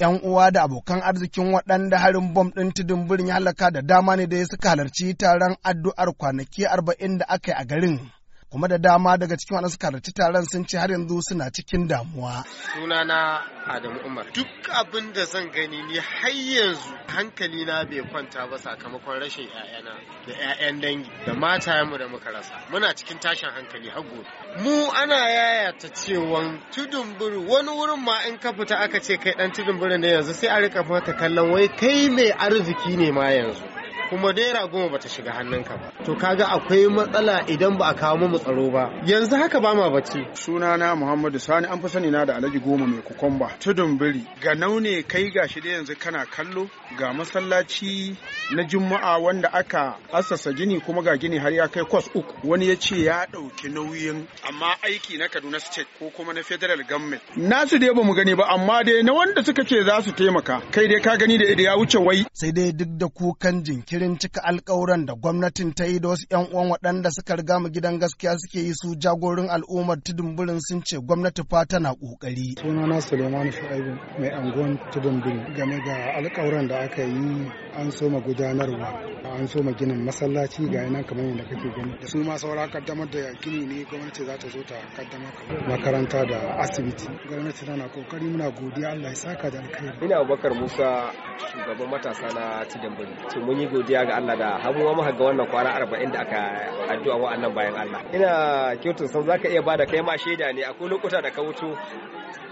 ‘Yan uwa da abokan arzikin waɗanda harin bom ɗin tudun birin ya halaka da dama ne da suka halarci taron addu'ar kwanaki arba'in da aka yi a garin. kuma da dama daga cikin waɗansu karatu taron sun ce har yanzu suna cikin damuwa. Sunana Adamu Umar. Duk abin da zan gani ni har yanzu hankali na bai kwanta ba sakamakon rashin 'ya'yana da 'ya'yan dangi da mata mu da muka rasa. Muna cikin tashin hankali har gobe. Mu ana yayata cewan tudun buru wani wurin ma in ka fita aka ce kai dan tudun buru ne yanzu sai a rika fata kallon wai kai mai arziki ne ma yanzu. kuma naira goma bata shiga hannunka ba to kaga akwai matsala idan ba a kawo mu tsaro ba yanzu haka ba ma bacci sunana Muhammadu Sani an fi sani na da alaji Goma mai kukumba tudun biri ga naune kai gashi da yanzu kana kallo ga masallaci na Juma'a wanda aka assasa gini kuma ga gini har ya kai kwas uku wani ya ce ya ɗauki nauyin amma aiki na Kaduna State ko kuma na Federal Government nasu dai ba mu gani ba amma dai na wanda suka ce za su taimaka kai dai ka gani da ya wuce wai sai dai duk da kukan jinki jinkirin cika alkawuran da gwamnatin ta yi da wasu 'yan uwan waɗanda suka riga mu gidan gaskiya suke yi su jagorin al'ummar tudunburin sun ce gwamnati fa tana ƙoƙari. sunana suleiman shu'aibu mai anguwan tudunburin game ga alkawuran da aka yi an soma gudanarwa an so ginin masallaci ga nan kamar yadda kake gani su ma saura kaddamar da gini ne gwamnati za ta zo ta kaddamar makaranta da asibiti gwamnati tana kokari muna godiya Allah ya saka da alkhairi ina Abubakar Musa shugaban matasa na Tidambari to mun yi godiya ga Allah da hamuwa Maha ga wannan kwana arba'in da aka addu'a wa'annan bayan Allah ina kyautun san zaka iya bada kai ma shaida ne akwai lokuta da ka wuto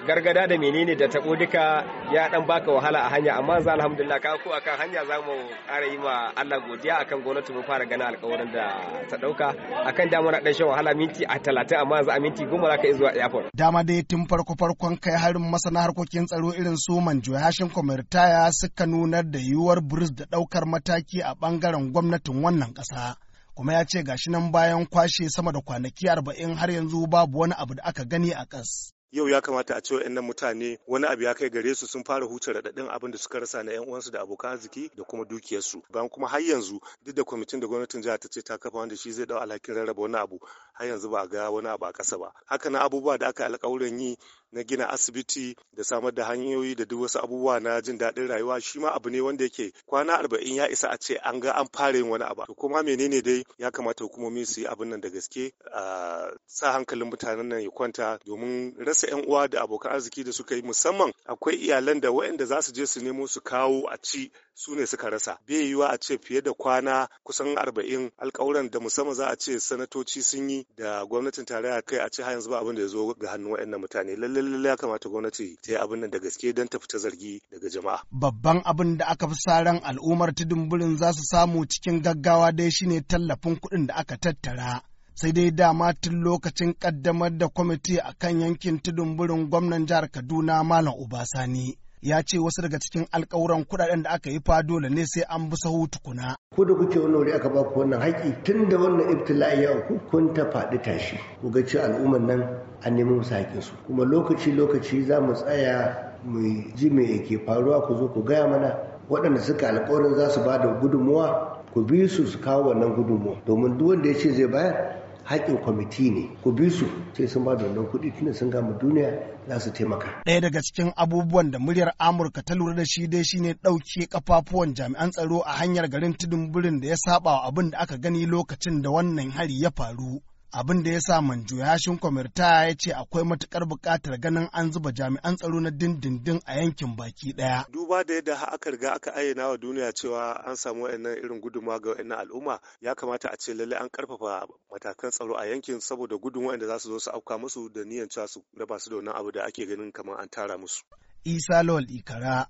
gargada da menene da tabo duka ya dan baka wahala a hanya amma za alhamdulillah ka ko akan hanya za mu ƙara yi ma Allah godiya akan gwamnati mun fara ganin alkawarin da ta dauka akan da muna dan shan wahala minti a talatin amma yanzu a minti goma za ka iya zuwa airport. Dama dai tun farko farkon kai harin masana harkokin tsaro irin su Manjo Hashin Kwamirtaya suka nunar da yiwuwar burus da daukar mataki a bangaren gwamnatin wannan kasa. kuma ya ce gashi nan bayan kwashe sama da kwanaki arba'in har yanzu babu wani abu da aka gani a kas. yau ya kamata a ce wa'annan mutane wani abu ya kai gare su sun fara huce raɗaɗin abin da suka rasa na 'yan uwansu da abokan arziki da kuma dukiyarsu bayan kuma har yanzu duk da kwamitin da gwamnatin jiha ta ce ta kafa wanda shi zai dau alhakin rarraba wani abu har yanzu ba a ga wani abu a ƙasa ba haka na abubuwa da aka alƙawuran yi na gina asibiti da samar da hanyoyi da duk wasu abubuwa na jin daɗin rayuwa shi ma abu ne wanda yake kwana arba'in ya isa a ce an ga an fara yin wani abu kuma menene dai ya kamata hukumomi su yi abin nan da gaske a sa hankalin mutanen nan ya kwanta domin rasa wasu 'yan uwa da abokan arziki da suka yi musamman akwai iyalan da waɗanda za su je su nemo su kawo a ci su ne suka rasa bai yiwa a ce fiye da kwana kusan arba'in alkawuran da musamman za a ce sanatoci sun yi da gwamnatin tarayya kai a ce har yanzu ba abin da ya zo ga hannun waɗannan mutane lallai lallai ya kamata gwamnati ta yi abin nan da gaske don ta fita zargi daga jama'a babban abin da aka fi sa ran al'ummar tudun burin za su samu cikin gaggawa dai shine tallafin kuɗin da aka tattara sai dai dama tun lokacin ƙaddamar da kwamiti a kan yankin tudun burin gwamnan jihar Kaduna Malam Obasani. ya ce wasu daga cikin alkawuran kudaden da aka yi fa dole ne sai an bi sahu tukuna. Ko da kuke wannan wuri aka ba ku wannan haƙƙi tun da wannan ibtila'i ya ku kun ta faɗi tashi ku ga ce al'umman nan an nemi musu su kuma lokaci lokaci za mu tsaya mu ji me yake faruwa ku zo ku gaya mana waɗanda suka alkawarin za su ba da gudunmuwa ku bi su su kawo wannan gudunmuwa domin duk wanda ya ce zai bayar haƙin kwamiti ne ku bi su sai sun ba da wannan kuɗi tunda sun gama duniya za su taimaka. Ɗaya daga cikin abubuwan da muryar Amurka ta lura da shi dai shine ɗauke kafafuwan jami'an tsaro a hanyar garin tudun birin da ya saba wa abin da aka gani lokacin da wannan hari ya faru. abin da ya sa manjo yashin kwamirta ya ce akwai matukar buƙatar ganin an zuba jami'an tsaro na dindindin a yankin baki ɗaya. duba da yadda aka riga aka ayyana wa duniya cewa an samu wayannan irin gudunmawa ga wa'annan al'umma ya kamata a ce lallai an karfafa matakan tsaro a yankin saboda gudun wa'anda za su zo su auka musu da niyan cewa su raba su da wannan abu da ake ganin kamar an tara musu. isa lawal ikara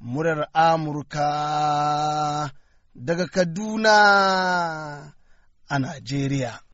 murar amurka daga kaduna a najeriya.